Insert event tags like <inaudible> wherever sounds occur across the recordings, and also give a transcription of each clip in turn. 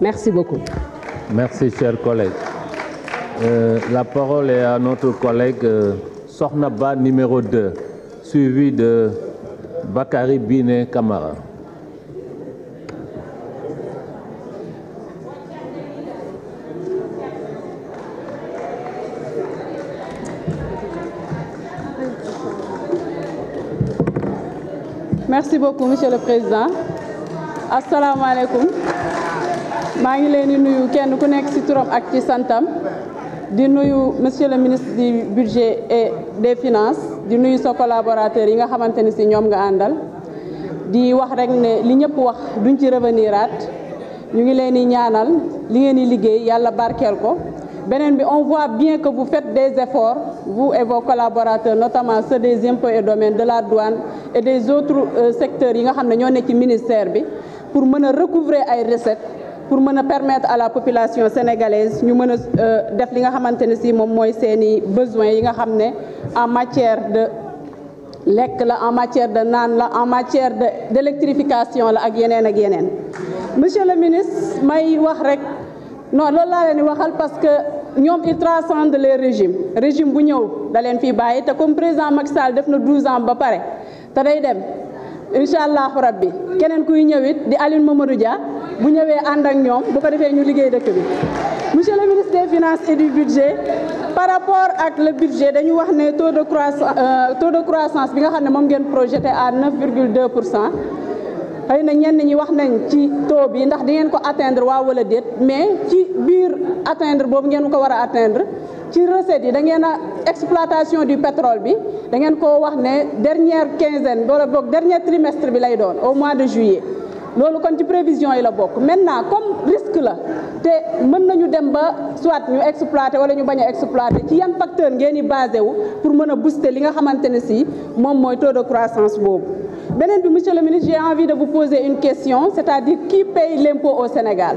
Merci beaucoup. Merci, chers collègues. Euh, la parole est à notre collègue euh, Sornaba numéro 2, suivi de Bakari Bine Kamara. Merci beaucoup, Monsieur le Président. Assalamu alaikum maa ngi nuyu kenn ku nek ci turam ak ci santam di nuyu monsieur le ministre du budget et des finances di nuyu sa collaborateur yi nga xamanteni ci ñom nga andal di wax rek ne li ñëpp wax duñ ci reveniraat ñu ngi leen ñaanal li ngeen di liggéey yalla barkel ko benen bi on voit bien que vous faites des efforts vous et vos collaborateurs notamment ceux des impôts et domaines de la douane et des autres euh, secteurs yi nga xam ñoo nekk ci ministère bi pour mëna recouvrer ay recettes pour me permettre à la population sénégalaise ñu mën a euh, def li nga xamante si moom mooy seeni besoins yi nga xam en matière de l'école, la en matière de nan, la en matière de d'électrification la ak yeneen ak yeneen. monsieur le ministre may wax rek non loolu laa leen waxal parce que ñoom ils transcendent les régimes régime bu ñëw da leen fii te comme président Macky def na 12 ans ba pare te day dem incha rabbi keneen kuy ñëw di Aline Mamadou Dia bu ñëwee ànd ak ñoom bu ko defee ñu liggéey dëkk bi monsieur le ministre des finances et du budget par rapport ak le budget dañu wax ne taux de croissance euh, taux de croissance bi nga xam ne moom ngeen projeté à 9,2 pour cent xëy na ñenn ñi wax nañ ci taux bi ndax di ngeen ko atteindre waaw wala déet mais ci biir atteindre boobu ngeen ko war a atteindre ci recette yi da ngeen a exploitation du pétrole bi da ngeen ko wax ne dernière quinzaine wala boog dernier trimestre bi lay doon au mois de juillet loolu kon ci prévision yi la bokk maintenant comme risque la te mën nañu dem ba soit ñu exploiter wala ñu bañ a exploiter ci yan facteur ngeen di basé wu pour mën booster li nga xamante ne si taux de croissance boobu. beneen bi monsieur le ministre j'ai envie de vous poser une question c'est-à-dire qui paye l'impôt au Sénégal.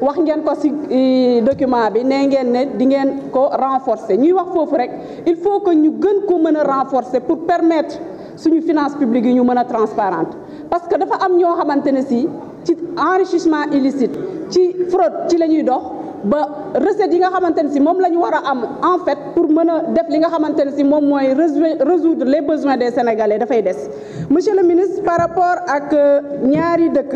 wax ngeen ko ci document bi ne ngeen ne di ngeen ko renforcer ñuy wax foofu rek il faut que ñu gën ko mën a renforcer pour permettre suñu finance publique yi ñu mën a transparente parce que dafa am ñoo xamante ne ci ci enrichissement illicite ci fraude ci la ñuy dox ba recette yi nga xamante ne si moom la ñu war a am en fait pour mën a def li nga xamante ne si moom mooy résoudre les besoins des sénégalais dafay des monsieur le ministre par rapport ak euh, ñaari dëkk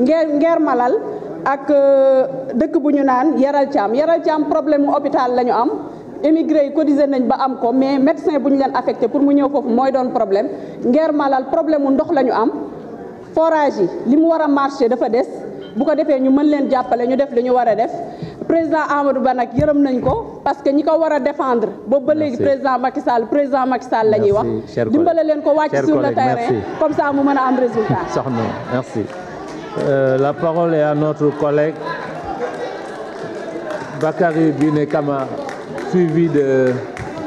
ngeer ngeer malal ak euh, dëkk bu ñu naan Yaral Thiam Yaral Thiam problème mu hôpital la ñu am émigré yi cotisé nañ ba am ko mais médecin bu ñu leen affecté pour mu ñëw foofu mooy doon problème Nguer Malal problème mu ndox la ñu am forage yi li mu war a marché dafa des bu ko defee ñu mën leen jàppale ñu def li ñu war a def président Amadou Ba nag yërëm nañ ko parce que ñi ko war a défendre boobu ba léegi président Macky Sall président Macky Sall la ñuy wax dimbale leen ko wàcc sur comme ça mu mën a am résultat <laughs> soxna merci Euh, la parole est à notre collègue Bakary Binekama, suivi de